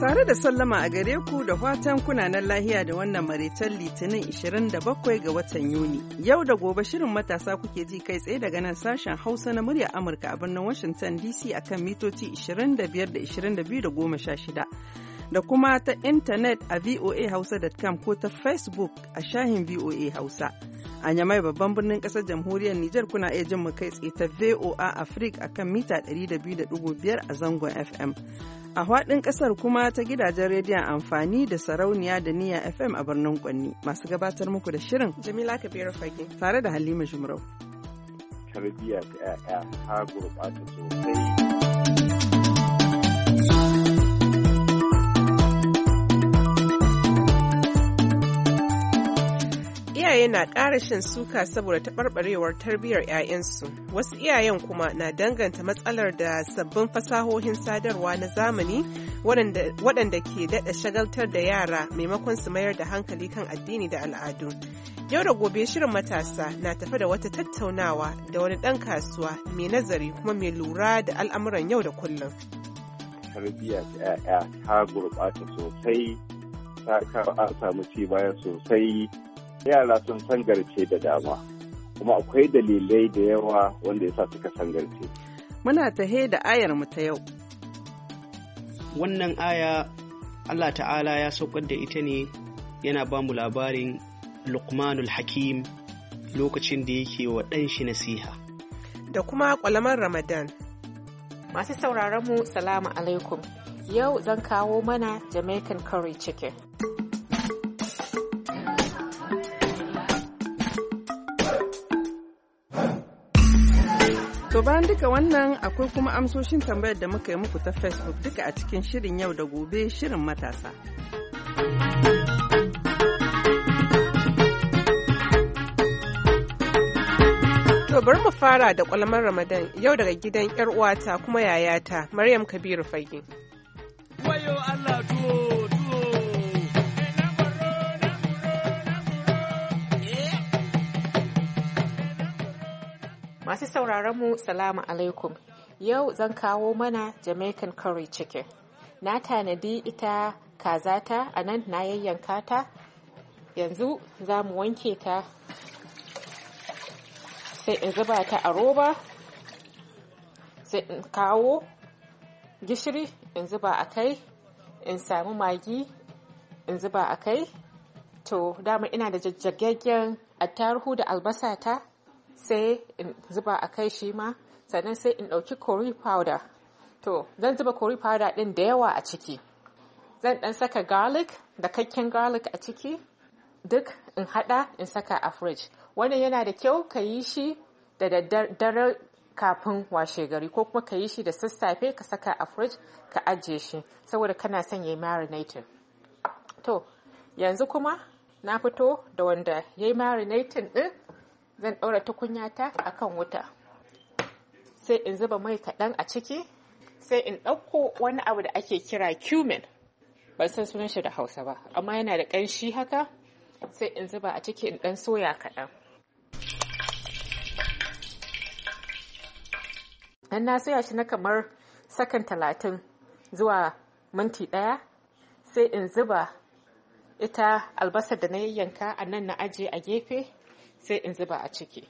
Tare da sallama a gare ku da fatan kunanan lahiya da wannan maraicen litinin 27 ga watan Yuni. Yau da gobe shirin matasa kuke ji kai tsaye daga nan sashen Hausa na murya Amurka a birnin Washington DC akan mitoci 25 da 22 da 16. da kuma ta intanet a voahausa.com ko ta facebook a shahin voa hausa a nyamai babban birnin kasar jamhuriyar niger kuna iya jin mu kai tsaye ta voa africa akan mita 200.5 a zangon fm a faɗin kasar kuma ta gidajen rediyon amfani da sarauniya da niya fm a birnin kwanni masu gabatar muku da shirin jamila kabiru fage tare da halima jumrau tarbiyya ta ta gurbata sosai iyaye na ƙara shan suka saboda taɓarɓarewar tarbiyyar 'ya'yansu wasu iyayen kuma na danganta matsalar da sabbin fasahohin sadarwa na zamani waɗanda ke daɗa shagaltar da yara maimakon su mayar da hankali kan addini da al'adu yau da gobe shirin matasa na tafi da wata tattaunawa da wani ɗan kasuwa mai nazari kuma mai lura da al'amuran yau da kullum tarbiyyar ta gurɓata sosai ta samu ci baya sosai yara sun sangarce da dama kuma akwai dalilai da yawa wanda ya sa suka sangarce muna tahe da ayar mu ta yau wannan aya Allah ta'ala ya saukar da ita ne yana ba mu labarin lukmanul hakim lokacin da yake wa ɗan shi nasiha da kuma ƙwalamar ramadan masu sauraron mu salamu alaikum yau zan kawo mana jamaican curry chicken To bayan duka wannan akwai kuma amsoshin tambayar da muka yi muku ta Facebook duka a cikin shirin yau da gobe shirin matasa. To bari mu fara da kwalmar Ramadan yau daga gidan 'yar uwata kuma yayata Maryam Kabiru Fage. Wayo Allah tuwo! Masu sauraron mu salamu alaikum. Yau zan kawo mana Jamaican curry chicken. Na tanadi ita kazata a nan na yayyanka ta. Yanzu za mu wanke ta sai in zuba ta a roba sai in kawo gishiri in zuba a kai in sami magi in zuba a kai to dama ina da jajjagen attarhu da albasa ta sai in zuba a kai shi ma sannan sai in ɗauki curry powder to zan zuba curry powder ɗin da yawa a ciki zan ɗan saka garlic da kakken garlic a ciki duk in haɗa in saka a fridge wannan yana da kyau ka yi shi da daddare kafin washe gari ko kuma ka yi shi da sassafe ka saka a fridge ka ajiye shi saboda kana son yayi yi marinating to yanzu kuma na fito da wanda yayi yi marinating ɗin zan ɗaura tukunyata a kan wuta sai in zuba mai kaɗan a ciki sai in ɗauko wani abu da ake kira cumin ban san sunan shi da hausa ba amma yana da ƙanshi haka sai in zuba a ciki in ɗan soya kaɗan dan na soya shi na kamar sakan talatin zuwa minti ɗaya sai in zuba ita albasar da na yayyanka a nan na ajiye a gefe sai in zuba a ciki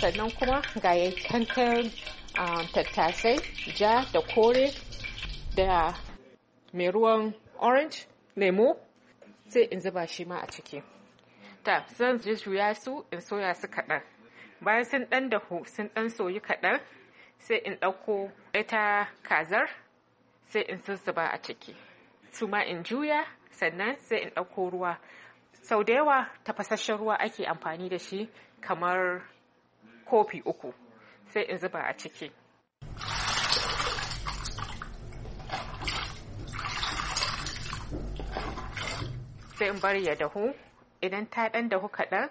sannan kuma ga yankantar ah, tattasai ja da kore da mai ruwan orange lemo sai in zuba shi ma a ciki ta zan juya su in soya su kaɗan bayan sun ɗan dahu sun ɗan soyi kaɗan sai in ɗauko ita kazar sai in zuzzuba a ciki su ma in juya sannan sai in ɗauko ruwa sau da yawa tafasasshen ruwa ake amfani da shi kamar kofi uku sai in zuba a ciki sai in bari ya dahu idan ta ɗan dahu kaɗan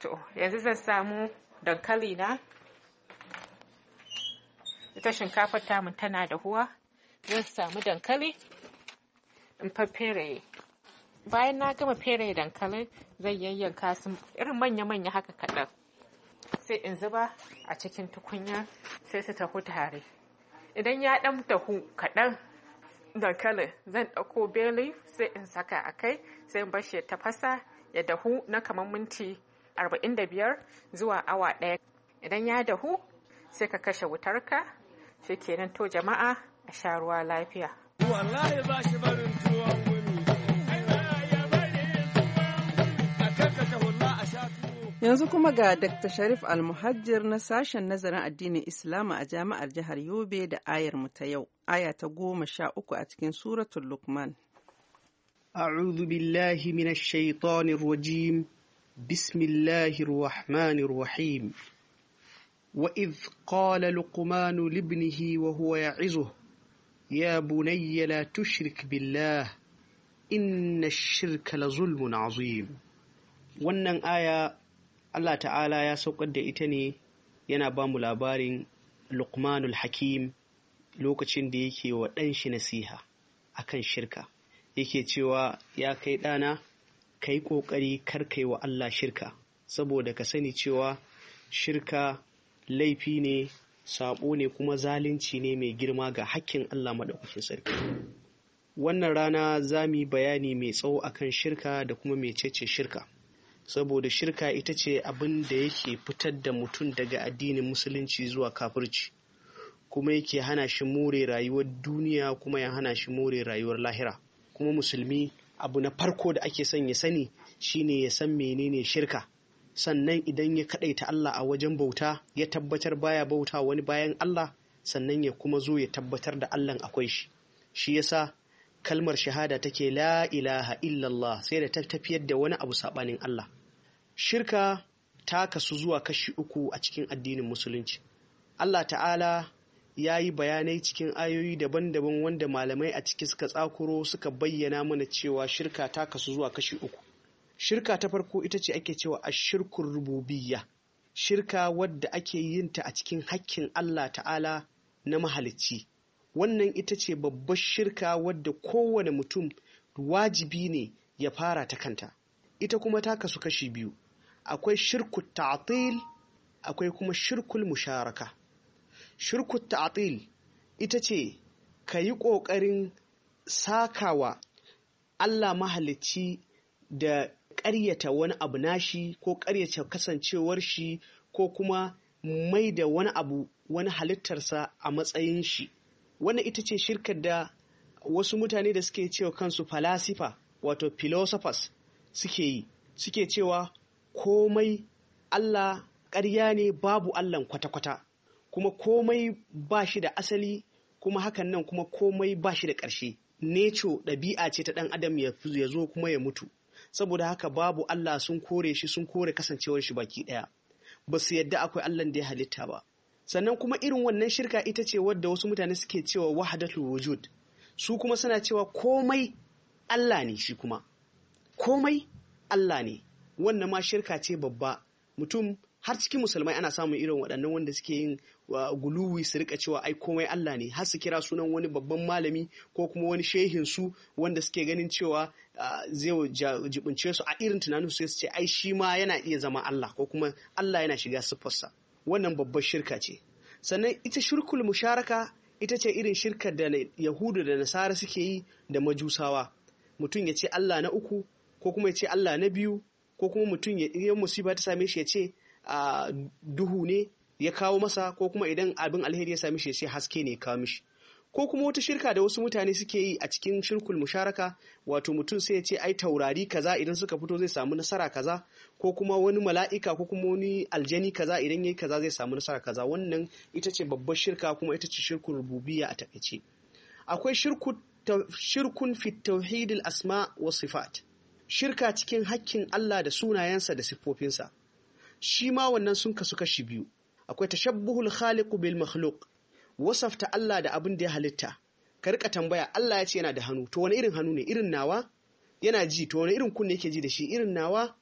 to yanzu zan samu dankali na ita shinkafar tamun tana dahuwa zan samu dankali in fere bayan na gama fere dankalin zai yayyanka su irin manya-manya haka kaɗan sai in zuba a cikin tukunya sai su tahu tare idan ya ɗan tahu kaɗan dankalin zan ɗauko beli sai in saka a kai sai in bashi ya tafasa ya dahu na kamar minti 45 zuwa awa ɗaya idan ya dahu sai ka kashe wutarka shi kenan to jama'a a sha ruwa lafiya yanzu kuma ga dr sharif almuhajjir na sashen nazarin addinin islama a jami'ar jihar yobe da ayar mu ta yau aya ta goma sha uku a cikin suratul lukman أعوذ بالله من الشيطان الرجيم بسم الله الرحمن الرحيم وإذ قال لقمان لابنه وهو يعظه يا بني لا تشرك بالله إن الشرك لظلم عظيم wannan aya Allah ta'ala ya saukar da ita ne yana ba mu labarin Luqmanul Hakim lokacin da yake wa ɗan shi nasiha akan shirka yake cewa ya kai ɗana ka yi ƙoƙari karkai wa Allah shirka saboda ka sani cewa shirka laifi ne saɓo ne kuma zalunci ne mai girma ga hakkin Allah maɗaukakin sarki. Wannan rana za mu yi bayani mai tsawo akan shirka da kuma mai mecece shirka, saboda shirka ita ce abin da yake fitar da mutum daga addinin musulunci zuwa kafirci, kuma yake hana shi more rayuwar duniya kuma ya hana shi more rayuwar lahira. Kuma musulmi abu na farko da ake son ya sani shine ya san menene shirka. sannan idan ya kaɗaita Allah a wajen bauta ya tabbatar baya bauta wani bayan Allah sannan ya kuma zo ya tabbatar da Allah akwai shi shi yasa kalmar shahada take la ilaha illallah sai da ta tafiyar da wani abu saɓanin Allah shirka ta kasu zuwa kashi uku a cikin addinin musulunci Allah ta'ala ya yi bayanai cikin ayoyi daban-daban wanda malamai a ciki suka tsakuro suka bayyana mana cewa shirka ta kasu zuwa kashi uku shirka ta farko ita ce ake cewa a shirkun rububiyya shirka wadda ake yin ta a cikin hakkin Allah ta'ala na mahalicci wannan ita ce babbar shirka wadda kowane mutum wajibi ne ya fara ta kanta ita kuma ta kasu kashi biyu akwai shirku ta'atil akwai kuma shirkul musharaka shirku ta'atil ita ce ka yi ƙoƙarin sakawa Allah mahalicci da ƙaryata wani abu nashi ko ƙaryata kasancewar shi ko kuma mai da wani abu wani halittarsa a matsayin shi wannan ita ce shirkar da wasu mutane da suke cewa kansu falasifa wato philosophers suke yi suke cewa komai Allah ƙarya ne babu Allahn kwata-kwata kuma komai ba shi da asali kuma hakan nan kuma komai ba shi da ƙarshe neco ɗabi'a ce ta ɗan adam ya zo kuma ya mutu saboda haka babu Allah sun kore shi sun kore kasancewar shi baki ɗaya ba su yadda akwai Allah da ya halitta ba sannan kuma irin wannan shirka ita ce wadda wasu mutane suke cewa Wahadatu wujud su kuma suna cewa komai Allah ne shi kuma komai Allah ne wannan ma shirka ce babba mutum har cikin musulmai ana samun irin waɗannan wanda suke yin guluwi su rika cewa ai komai Allah ne har su kira sunan wani babban malami ko kuma wani shehin su wanda suke ganin cewa zai jibince su a irin tunanin su su ce ai shi ma yana iya zama Allah ko kuma Allah yana shiga siffarsa wannan babbar shirka ce sannan ita shirkul musharaka ita ce irin shirkar da yahudu da nasara suke yi da majusawa mutum ya ce Allah na uku ko kuma ya ce Allah na biyu ko kuma mutum ya musiba ta same shi ya ce duhu ne ya kawo masa ko kuma idan abin alheri ya sami shi sai haske ne ya kawo mishi ko kuma wata shirka da wasu mutane suke yi a cikin shirkul musharaka wato mutum sai ya ce ai taurari kaza idan suka fito zai samu nasara kaza ko kuma wani mala'ika ko kuma wani aljani kaza idan yayi kaza zai samu nasara kaza wannan ita ce babbar shirka kuma ita ce shirkul rububiyya a takaice akwai shirku shirkun fi tauhidil asma wa sifat shirka cikin hakkin Allah da sunayensa da siffofinsa shi ma wannan sun kasu kashi biyu akwai tashabbuhul khaliqu bil makhluq wasafta Allah da abin da ya halitta ka rika tambaya Allah ya ce yana da hannu to wani irin hannu ne irin nawa yana ji to wani irin kunne yake ji da shi irin nawa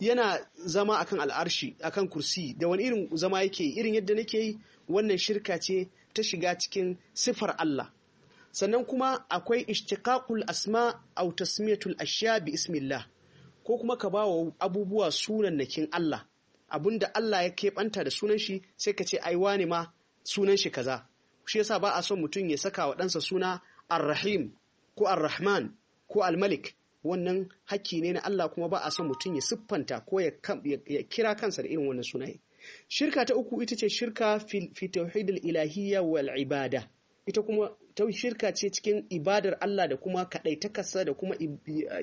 yana zama akan al'arshi akan kursi da wani irin zama yake irin yadda nake yi wannan shirka ce ta shiga cikin sifar Allah sannan kuma akwai ishtiqaqul asma aw tasmiyatul ashya bi ismillah ko kuma ka bawa abubuwa sunan sunannakin Allah Abin da Allah ya keɓanta da sunan shi sai ka ce ai wane ma sunan shi kaza shi yasa ba a son mutum ya saka wa ɗansa suna arrahim rahim ko arrahman ko al wannan hakki ne na Allah kuma ba a son mutum ya siffanta ko ya kira kansa da irin wannan sunaye shirka ta uku ita ce shirka fi tauhidul ilahiyya wal ibada ita kuma ta shirka ce cikin ibadar Allah da kuma takasa da kuma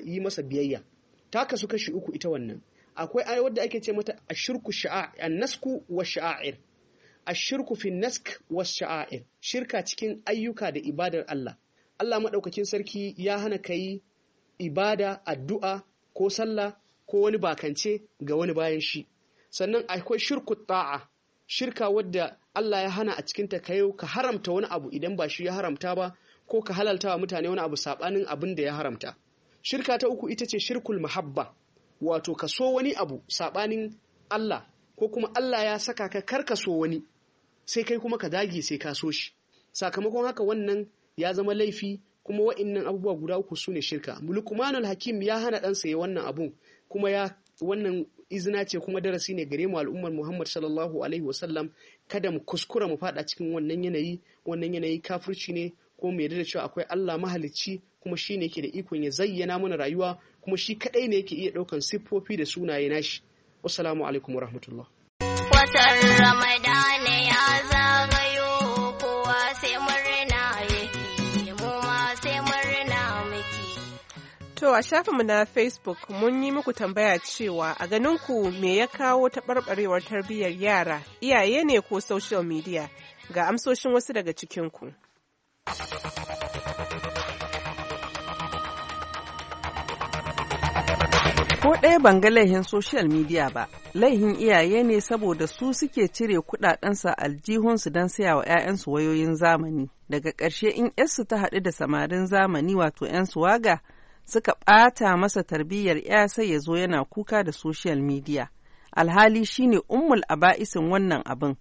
yi masa biyayya ta kasu kashi uku ita wannan akwai aya wadda ake ce mata ashirku sha'a nasku wa sha'air ashirku fi nask wa sha'air shirka cikin ayyuka da ibadar Allah Allah madaukakin sarki ya hana kai ibada addu'a ko sallah ko wani bakance ga wani bayan shi sannan akwai shirku ta'a shirka wadda Allah ya hana a cikin ta kayo ka haramta wani abu idan ba shi ya haramta ba ko ka halalta wa mutane wani abu sabanin abin da ya haramta shirka ta uku ita ce shirkul muhabba. wato ka so wani abu saɓanin Allah ko kuma Allah ya saka ka kar ka so wani sai kai kuma ka dage sai ka so shi sakamakon haka wannan ya zama laifi kuma wa'innan abubuwa guda uku su ne shirka mulkumanul hakim ya hana ɗansa ya wannan abun kuma ya wannan izina ce kuma darasi ne gare mu al'ummar Muhammad sallallahu alaihi wasallam kada mu kuskura mu faɗa cikin wannan yanayi wannan yanayi kafirci ne ko mai da cewa akwai Allah mahalicci kuma shi ne yake da ikon ya zayyana mana rayuwa kuma shi kaɗai ne yake iya ɗaukan siffofi da sunaye nashi wassalamu alaikum warahmatullah watan ya sai mu to a shafinmu na facebook mun yi muku tambaya cewa a ganin ku me ya kawo taɓarɓarewar tarbiyyar yara iyaye ne ko social media ga amsoshin wasu daga cikin ku Ko ɗaya ban ga laihin social media ba, laihin iyaye ne saboda su suke cire kuɗaɗensa aljihunsu don saya wa 'ya'yansu wayoyin zamani. Daga ƙarshe in 'yarsu ta haɗu da samarin zamani wato 'yan waga suka ɓata masa tarbiyyar 'ya sai ya zo yana kuka da social media. Alhali shine ummul aba'isin wannan abin.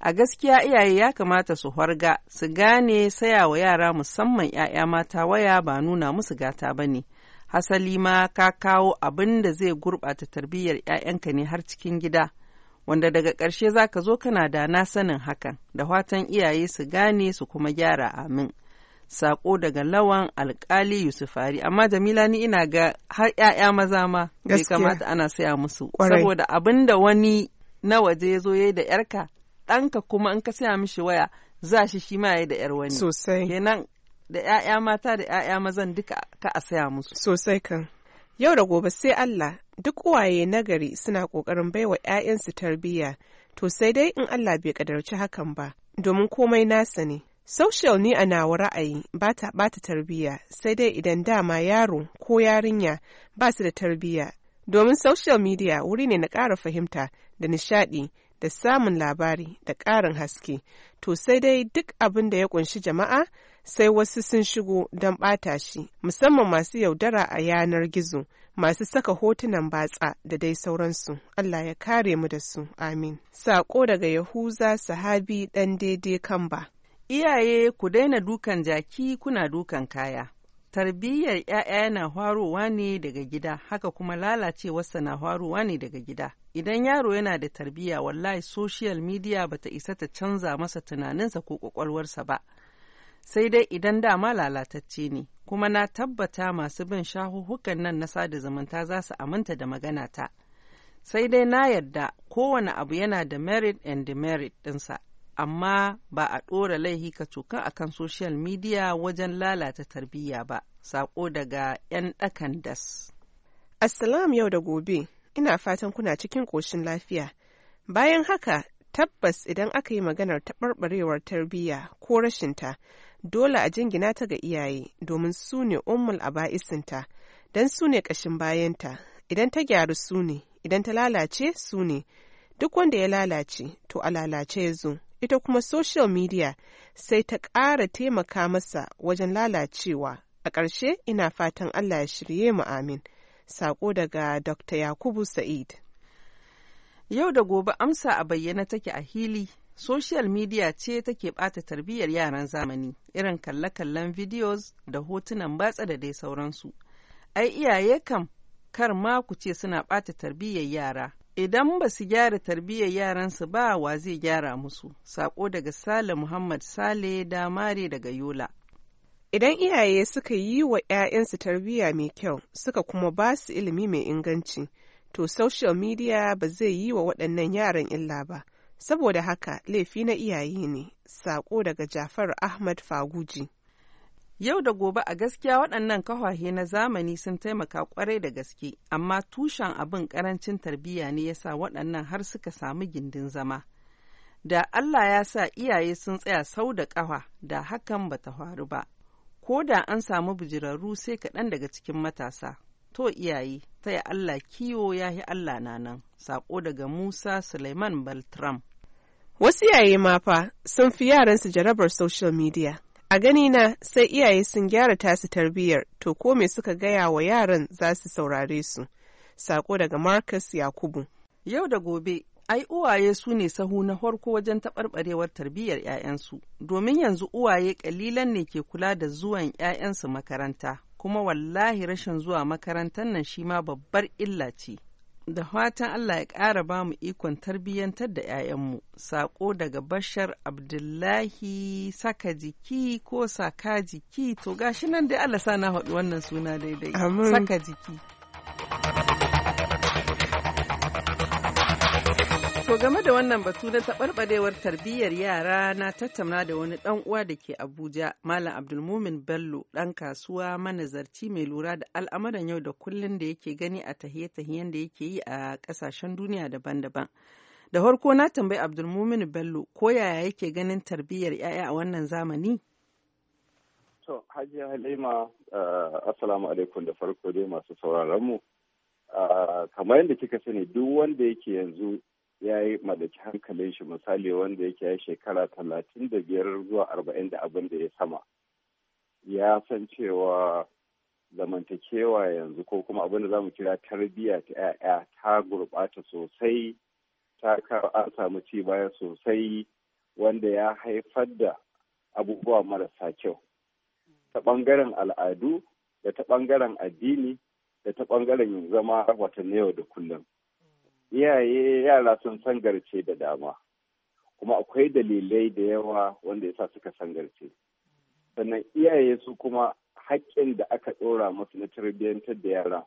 A gaskiya iyaye ya kamata su harga, su gane sayawa yara musamman 'ya'ya mata waya ba nuna musu gata bane ne. hasali ma ka kawo abin da zai gurɓata tarbiyyar 'ya'yanka ne har cikin gida wanda daga ƙarshe za ka zo kana da na sanin hakan da watan iyaye su gane su kuma gyara amin sako daga lawan alkali yusufari amma jamila ni ina ga har 'ya'ya maza ma bai kamata ana saya musu saboda abin da wani na waje ya zo ya yi da 'yarka ɗanka kuma in ka saya mishi waya za shi shi ma ya yi da yar wani. Sosai. Kenan da 'ya'ya mata da 'ya'ya mazan duka ka a saya musu sosai kan yau da gobe sai Allah duk waye nagari suna ƙoƙarin baiwa 'ya'yansu tarbiyya to sai dai in Allah bai kadarci hakan ba domin komai nasa ne social ni a nawa ra'ayi ba ta ɓata tarbiyya sai dai idan dama yaro ko yarinya ba su da tarbiyya domin social media wuri ne na ƙara fahimta da nishaɗi da samun labari da ƙarin haske to sai dai duk abin da ya ƙunshi jama'a sai wasu sun shigo don ɓata shi musamman masu yaudara a yanar gizo masu saka hotunan batsa da dai sauransu Allah ya kare mu da su amin sako daga yahuza sahabi dan daidai kamba iyaye ku daina dukan jaki kuna dukan kaya tarbiyyar 'ya'ya na harowa ne daga gida haka kuma lalacewarsa na harowa ne daga gida idan yaro yana da tarbiyya wallahi social media bata isa ta canza masa tunaninsa ko kwakwalwarsa ba sai dai idan dama lalatacce ne kuma na tabbata masu bin shahuhukan nan na sada zumunta za su aminta da magana ta sai dai na yarda kowane abu yana da merit and demerit ɗinsa amma ba a ɗora laihi ka a kan social media wajen lalata tarbiyya ba sako daga 'yan ɗakan das asalam yau da gobe ina fatan kuna cikin ƙoshin lafiya bayan haka tabbas idan aka yi maganar taɓarɓarewar tarbiyya ko rashinta dole a jingina ta ga iyaye domin su ne ummul ba'isinta don su ne ƙashin bayanta idan ta gyaru su ne idan ta lalace su ne duk wanda ya lalace to a lalace ya zo ita kuma social media sai ta ƙara taimaka masa wajen lalacewa a ƙarshe ina fatan allah ya shirye mu amin sako daga dr yakubu sa'id yau da gobe amsa a bayyana take a hili Social media ce take ɓata tarbiyyar yaran zamani, irin kalle-kallen videos da hotunan batsa da dai sauransu. Ai iyaye kam kar ma ku ce suna ɓata tarbiyyar yara. Idan ba su gyara tarbiyyar yaransu ba wa zai gyara musu. Sako daga Sale Muhammad Sale Damare daga Yola. Idan iyaye suka yi wa 'ya'yansu tarbiyya mai kyau suka kuma ba su ilimi mai inganci, to social media ba zai yi wa waɗannan yaran illa ba. saboda haka laifi na iyaye ne sako daga jafar ahmad faguji yau da gobe a gaskiya waɗannan kawahe na zamani sun taimaka kwarai da gaske amma tushen abin karancin tarbiyya ne ya sa waɗannan har suka samu gindin zama da allah ya sa iyaye sun tsaya sau da ƙawa, da hakan bata faru ba ko da an samu bijirarru sai kaɗan daga cikin matasa To iyaye, taya Allah kiwo ya yi Allah na nan, saƙo daga Musa Suleiman Baltram. Wasu iyaye ma fa sun fi yaransu jarabar social media. A gani na sai iyaye sun gyara tasu tarbiyyar, to ko me suka gaya wa yaran za su saurare su. Sako daga Marcus Yakubu. Yau da gobe, ai uwaye su ne sahu na farko wajen taɓarɓarewar tarbiyyar 'ya'yansu, domin yanzu uwaye ƙalilan ne ke kula da zuwan 'ya'yansu makaranta, kuma wallahi rashin zuwa makarantar nan shi ma babbar illa ce. Da fatan Allah ya ƙara ba mu ikon tarbiyyantar da 'ya'yanmu, Sako daga Bashar Abdullahi saka jiki ko saka jiki to gashi nan dai Allah sa na haɗu wannan suna daidai. Saka jiki. To game da wannan batu na taɓarɓarewar tarbiyyar yara na tattauna da wani ɗan uwa da ke Abuja, Malam Abdulmumin Bello, dan kasuwa manazarci mai lura da al'amuran yau da kullun da yake gani a tahiye-tahiyen da yake yi a ƙasashen duniya daban-daban. Da farko na tambayi Abdulmumin Bello ko yaya yake ganin tarbiyyar 'ya'ya a wannan zamani? To, Hajiya Halima, Assalamu alaikum da farko dai masu sauraron mu. kamar yadda kika sani duk wanda yake yanzu ya yi mallaki hankalin shi misali wanda yake ya shekara talatin da biyar zuwa arba'in da abin da ya sama ya san cewa zamantakewa yanzu ko kuma abin da zamu kira tarbiyya ta 'ya'ya ta gurɓata sosai ta an samu ci baya sosai wanda ya haifar da abubuwa marasa kyau ta ɓangaren al'adu da ta ɓangaren addini da ta ɓangaren zama watanni yau da kullum iyaye yara sun sangarce da dama kuma akwai dalilai da yawa wanda yasa suka sangarce sannan iyaye su kuma haƙƙin da aka ɗora musu na tarbiyyantar da yara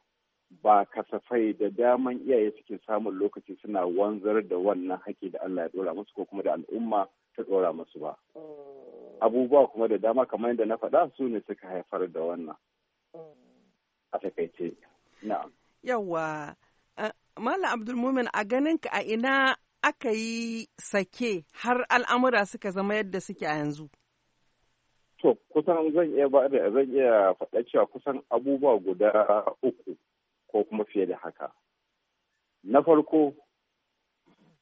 ba kasafai da daman iyaye suke samun lokaci suna wanzar da wannan haƙƙi da Allah ya ɗora musu ko kuma da al'umma ta ɗora musu ba. Oh. Abubuwa kuma da dama kamar yadda na faɗa su ne suka haifar da wannan. Oh. A takaice. Na'am. Mala Abdulmumin a ganin ka a ina aka yi sake har al'amura suka zama yadda suke a yanzu? To, kusan zan iya ba da zan iya faɗa cewa kusan abubuwa guda uku ko kuma fiye da haka. Na farko,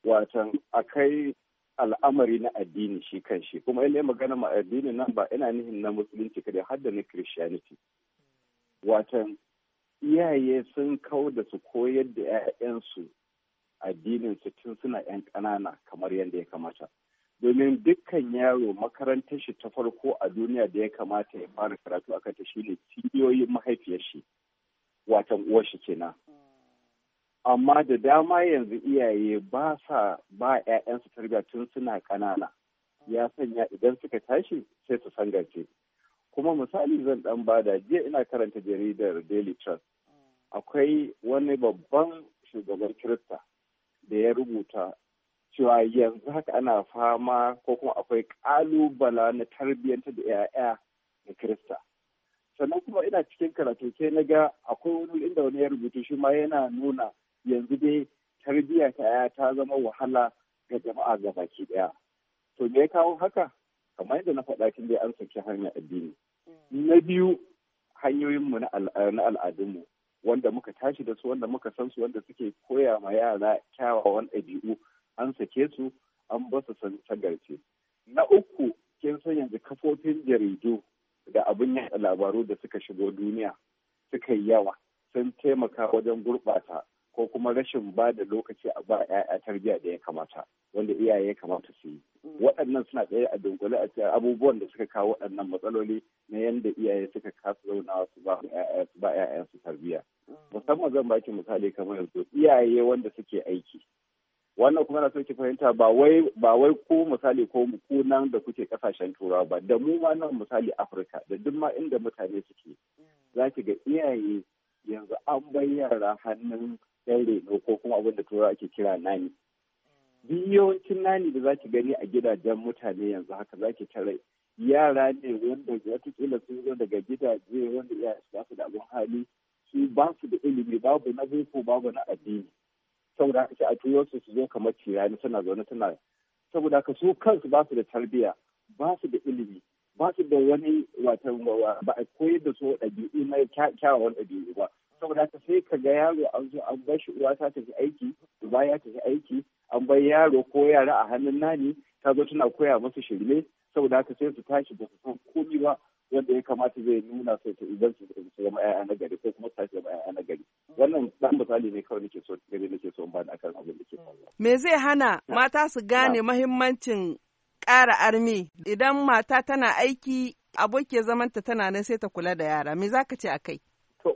watan akai al'amari na addini shi kan shi, kuma ilai magana ma addini nan ba ina nihin na musulunci kadai har da na Christianity. Watan iyaye sun kau da su koyar da 'ya'yansu addinin su tun suna 'yan ƙanana kamar yadda ya kamata domin dukkan yaro makarantar shi ta farko a duniya da ya kamata ya fara karatu aka ta ne cibiyoyin mahaifiyar shi watan uwar shi kenan amma da dama yanzu iyaye ba sa ba 'ya'yansu tarbiyya tun suna ƙanana ya sanya idan suka tashi sai su sangarce kuma misali zan dan bada jiya ina karanta jaridar daily trust akwai wani babban shugaban kirista da ya rubuta cewa yanzu haka ana fama ko kuma akwai kalubala na tarbiyyanta da 'ya'ya da kirista sannan kuma ina cikin karatu sai na ga akwai wani inda wani ya rubuta shi ma yana nuna yanzu dai tarbiyya ta 'ya'ya ta zama wahala ga jama'a ga baki daya to me ya kawo haka kamar yadda na faɗa kin dai an saki hanyar addini Na biyu hanyoyinmu na al'adunmu wanda muka tashi da su wanda muka san su wanda suke koya ma yara kyawawan ɗabi'u an sake su an basu san tagarce. Na uku kin san yanzu kafofin jaridu da abin yaɗa labaru da suka shigo duniya suka yawa sun taimaka wajen gurɓata ko kuma rashin ba da lokaci a ba ya'ya tarbiyya da ya kamata wanda iyaye ya kamata su yi mm. waɗannan suna ɗaya a dunkule a abubuwan da suka kawo waɗannan matsaloli na yadda iyaye suka kasa zaunawa su ba su ya'ya su tarbiyya mm. musamman zan baki misali kamar yanzu iyaye wanda suke aiki wannan kuma na so fahimta ba wai ba wai ko misali ko ku nan da kuke kasashen turawa ba da mu ma nan misali afirka da duk ma inda mutane suke mm. za ki ga iyaye yanzu an bayyana hannun yan reno ko kuma abin da turawa ake kira nani duk yawancin nani da zaki gani a gidajen mutane yanzu haka zaki tare yara ne wanda watakila sun zo daga gidaje wanda iyaye ba su da abin hali su ba su da ilimi babu na boko babu na addini saboda haka a turo su su zo kamar cirani suna zaune suna saboda haka su kansu ba su da tarbiyya ba su da ilimi ba su da wani wata ba a koyar da su ɗabi'u na kyawawan ɗabi'u ba saboda haka sai ka ga yaro an zo an bar shi uwa ta tafi aiki uba ya tafi aiki an bar yaro ko yara a hannun nani ta zo tana koya masa shirme saboda haka sai su tashi ba su komi ba wanda ya kamata zai nuna sai ta idan su zama ƴaƴa na gari ko kuma tashi zama ƴaƴa na gari wannan dan misali ne kawai nake so gare nake so ba akan abin da ke faruwa me zai hana mata su gane mahimmancin ƙara armi idan mata tana aiki abokiyar zamanta tana nan sai ta kula da yara me zaka ce kai.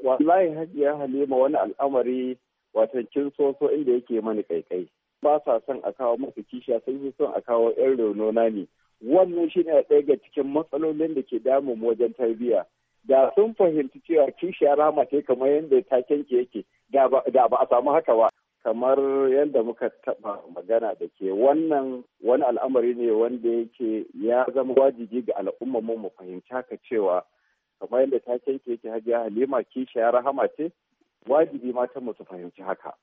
wallahi hajiya halima wani al'amari wato kin so inda yake mani kaikai ba sa son a kawo masa kishiya sai su son a kawo yan raunona ne wannan shine ne ɗaya ga cikin matsalolin da ke damu wajen tarbiyya da sun fahimci cewa kishiya rama ce kamar yadda taken ke yake da ba a samu haka ba kamar yadda muka taba magana da ke wannan wani al'amari ne wanda yake ya zama wajibi ga al'ummar mu fahimci haka cewa kamar yadda ta ke yake hajiya halima kisha ya rahama ce wajibi mata mu su fahimci haka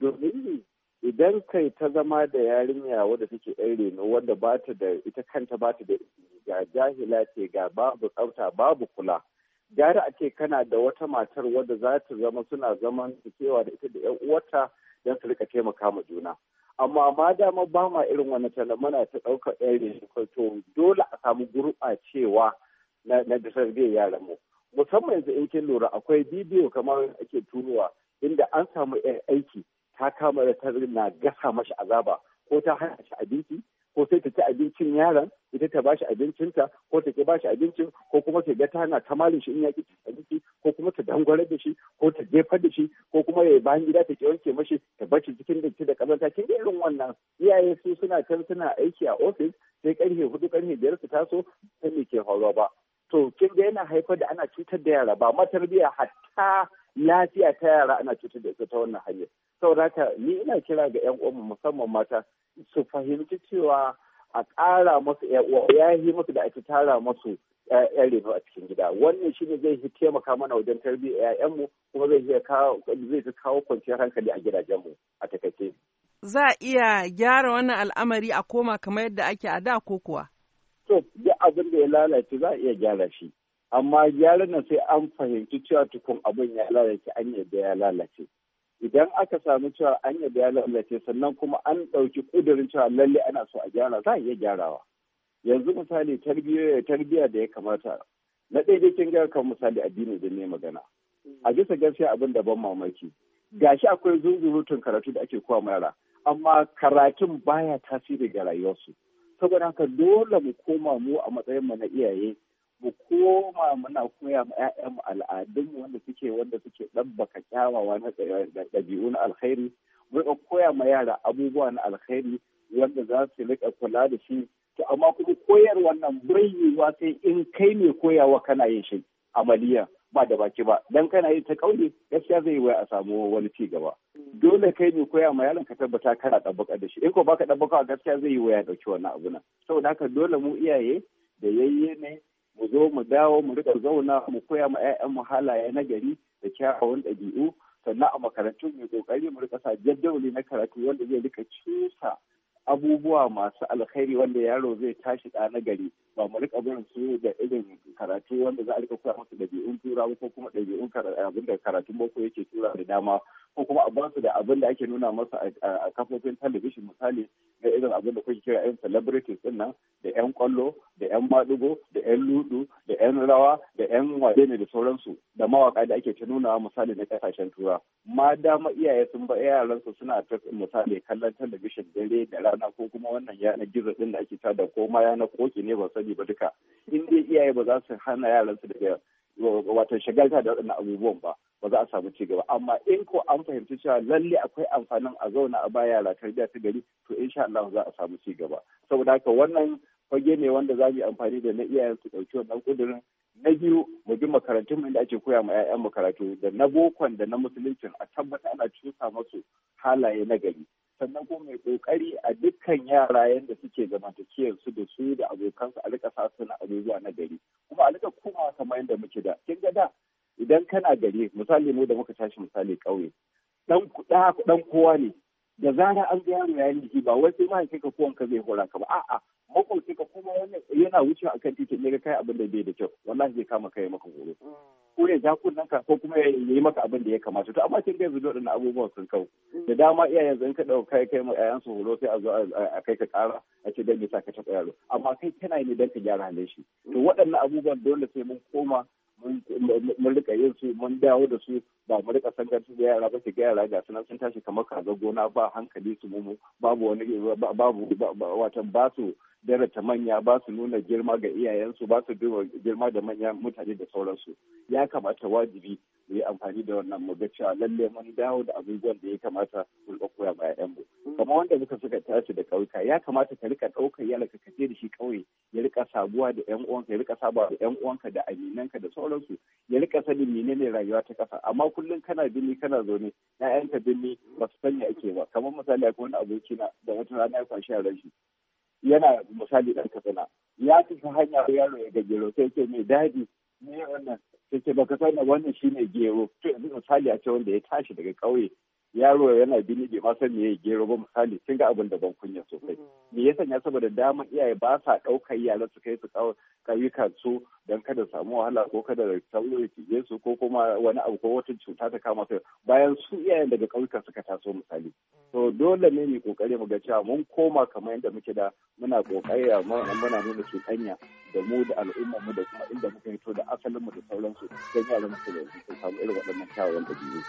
domin idan kai ta zama da yarinya wadda take ɗan reno wadda ba ta da ita kanta ba ta da ga jahila ce ga babu tsafta babu kula gara a ce kana da wata matar wadda za ta zama suna zaman cewa da ita da yan uwarta don su rika taimaka ma juna amma ma dama ba ma irin wani talamana ta ɗaukar ɗan reno to dole a samu gurɓacewa cewa na tarbiyyar yaran mu musamman yanzu in kin lura akwai bidiyo kamar ake turowa inda an samu aiki ta kama da ta na gasa mashi azaba ko ta hana shi abinci ko sai ta ci abincin yaran ita ta bashi abincinta ko ta ki bashi abincin ko kuma ta ga tana kamalin shi in ya ki abinci ko kuma ta dangware da shi ko ta jefar da shi ko kuma ya bayan gida ta ke wanke mashi ta bashi cikin datti da kazanta kin ga irin wannan iyaye su suna can suna aiki a ofis sai karfe hudu karfe biyar su taso sai me ke horo ba to kin ga yana haifar da ana cutar da yara ba ma hatta lafiya ta yara ana cutar da ita ta wannan hanyar saurata ta ni ina kira ga yan uwanmu musamman mata su fahimci cewa a ƙara masu ya yi musu da ake tara masu ya reno a cikin gida wannan shi ne zai taimaka mana wajen tarbiyyar ‘ya’yanmu kuma zai zai kawo kwanciyar hankali a gidajenmu a takaice. Za a iya gyara wannan al'amari a koma kamar yadda ake a da ko kuwa? so duk abin da ya lalace za a iya gyara shi amma gyaran nan sai an fahimci cewa tukun abin ya lalace an yadda ya lalace idan aka samu cewa an yadda ya lalace sannan kuma an ɗauki ƙudurin cewa lalle ana so a gyara za a iya gyarawa yanzu misali tarbiyya da ya kamata na ɗaya da kin gaya kan misali addini da ne magana a bisa gaskiya abin da ban mamaki gashi akwai zunzurutun karatu da ake kowa yara amma karatun baya tasiri ga rayuwarsu saboda haka dole mu koma mu a matsayin mu na iyaye mu koma muna koya ma ƴaƴanmu al'adunmu wanda suke wanda suke ɗabbaka kyawawa na dabi'u na alkhairi mu riƙa koya ma yara abubuwa na alkhairi wanda za su riƙa kula da shi to amma kuma koyar wannan bai yiwuwa sai in kai ne koyawa kana yin shi amaliya ba da baki ba dan kana yi ta kauye gaskiya zai waya a samu wani ci gaba dole kai ne koya ma yaron ka tabbata kana dabbaka da shi in ko baka dabbaka gaskiya zai yi waya dauki wannan abu na. saboda haka dole mu iyaye da yayye ne mu zo mu dawo mu rika zauna mu koya ma mu halaye na gari da kyawawan ɗabi'u sannan a makarantu mai kokari mu rika sa jaddawali na karatu wanda zai rika cusa abubuwa masu alkhairi wanda yaro zai tashi ɗa na gari ba mu rika barin su da irin karatu wanda za a rika koya musu ɗabi'un turawa ko kuma ɗabi'un abin da karatun boko yake tura da dama ko kuma a ba su da abin da ake nuna masa a kafofin talabishin misali na irin abin da kuke kira yan celebrities din nan da yan kwallo da yan madugo da yan ludu da yan rawa da yan wade ne da sauransu da mawaka da ake ta nuna misali na kasashen tura ma dama iyaye sun ba yaransu suna tafi misali kallon talabishin dare da rana ko kuma wannan yana gizo din da ake tada da ko ma yana koki ne ba sani ba duka in dai iyaye ba za su hana yaransu daga wato shagalta da waɗannan abubuwan ba ba za a samu ci gaba amma in ko an fahimci cewa lalle akwai amfanin a zauna a baya yara tarbiyya ta gari to in sha Allah za a samu ci gaba saboda haka wannan fage ne wanda za mu yi amfani da na iyayen su dauki wannan kudirin na biyu mu bi makarantun inda ake koya ma 'ya'yan karatu da na bokon da na musuluncin a tabbata ana cusa musu halaye na gari sannan kuma mai kokari a dukkan yara yadda suke zamantakiyar su da su da abokansu a rika sa suna abubuwa na gari kuma a rika kuma kamar yadda muke da kin ga da idan kana gari misali mu da muka tashi misali ƙauye dan kowa ne da zara an ga yaro ya yi ba wai sai mahaifinka ko kowanka zai hora ka ba a'a makwabci ka kuma wani yana wuce a kan titin ga kai abin da bai da kyau wallahi zai kama kai maka horo mm. ko ya ja kunnen ka ko kuma ya yi maka abin da ya kamata to amma kin ga yanzu waɗannan abubuwan sun kau mm. da dama iyayen zan ka dauka kai kai ma ƴaƴan su horo sai a zo a kai ka kara a ce dan sa ka taɓa yaro amma kai kana ne dan ka gyara halin shi to mm. waɗannan abubuwan dole sai mun koma mun rika yin su mun dawo da su ba mu rika san gasu da yara ba ki ga yara ga sun sun tashi kamar kaza gona ba hankali su mu babu wani babu watan ba darata manya ba su nuna girma ga iyayensu ba su girma da manya mutane da sauransu ya kamata wajibi mu yi amfani da wannan mu ga cewa lalle mun dawo da abubuwan da ya kamata mu koya ba ƴaƴan mu kamar wanda muka suka tashi da ƙauyuka ya kamata ka rika ɗaukar yana ka kace da shi ƙauye ya rika sabuwa da 'yan uwanka ya rika sabuwa da ƴan uwanka da aminanka da sauransu ya rika sanin menene rayuwa ta ƙasa amma kullum kana binni kana zaune ƴaƴanka binni ba su sanya ake ba kamar misali akwai wani abokina da wata rana ya kwashi a ranshi yana misali ɗan katsina ya tafi hanya yaro ya gajero gero sai ce mai daji ne wannan sai ce baka sani wannan shine gero to yanzu misali a ce wanda ya tashi daga ƙauye yaro yana bini bai ma san yi gero ba misali kin ga abin da ban kunya sosai me ya sanya saboda dama iyaye ba sa ɗaukar yaran su kai su ƙauyuka su don kada samu wahala ko kada sauro ya cije su ko kuma wani abu ko wata cuta ta kama su bayan su iyayen daga ƙauyuka suka taso misali to dole ne mu kokari mu ga cewa mun koma kamar yadda muke da muna kokari muna nuna cuɗanya da mu da al'umma mu da kuma inda muka fito da asalin mu da sauran sauransu don yaran da su samu irin waɗannan kyawawan ɗabi'u.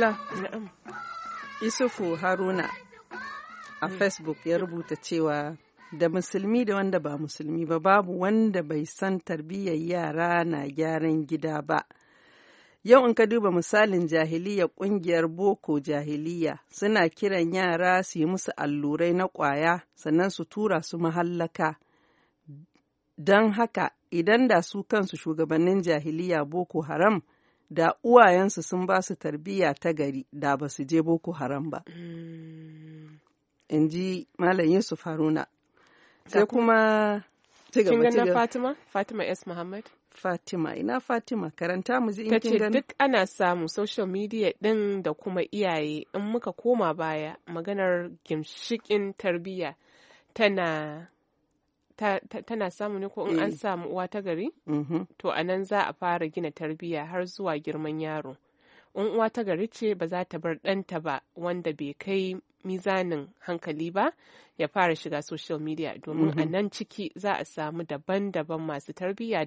jamila isufu haruna a hmm. facebook ya rubuta cewa da musulmi da wanda ba musulmi ba babu wanda bai san tarbiyyar yara na gyaran gida ba yau in ka duba misalin jahiliya kungiyar boko jahiliya suna kiran yara su yi musu allurai na kwaya sannan su tura su mahallaka don haka idan da su kansu shugabannin jahiliya boko haram da uwayensu sun ba su tarbiyya ta gari da ba su je boko haram ba mm. in ji malam yusuf haruna sai kuma kin ganin fatima fatima s muhammad fatima ina fatima karanta mu ji in kin duk ana samu social media din da kuma iyaye in muka koma baya maganar gimshikin tarbiyya tana tana samu ne ko in an eh. samu uwa ta gari mm-hmm. to a nan za a fara gina tarbiyya har zuwa girman yaro in uwa ta gari ce ba za ta bar ɗanta ba wanda bai kai mizanin hankali ba ya fara shiga social media domin a mm-hmm. nan ciki za a samu daban-daban masu tarbiyya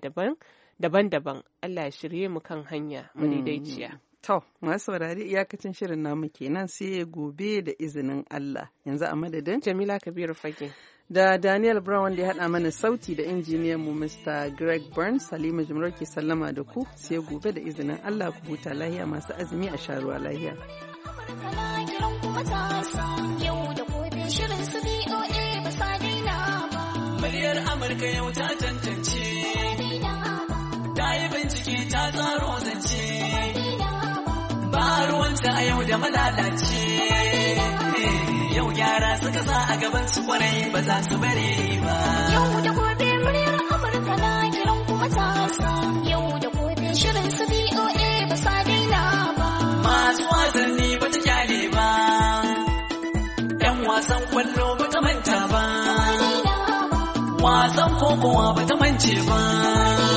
daban-daban Allah ya shirye mu kan hanya -hmm. To, masu saurari iyakacin shirin namu kenan sai gobe da izinin Allah. Yanzu a madadin? Jamila Kabiru Fage. Da Daniel Brown wanda ya haɗa mana sauti da injiniyan mu Mr. Greg Burns, Salima Jumrau ke sallama da ku sai gobe da izinin Allah ku huta lahiya masu azumi a sharuwa lahiya. Amurka yau ta a yau da malalaci eh, yau yara suka sa a gaban su kwarai ba za su bare ba yau da gobe muryar amurka na kiran kuma matasa yau da gobe shirin su boa ba sa daina ba masu wasanni ba ta kyale ba yan wasan kwallo ba ta manta ba wasan kokowa ba ta mance ba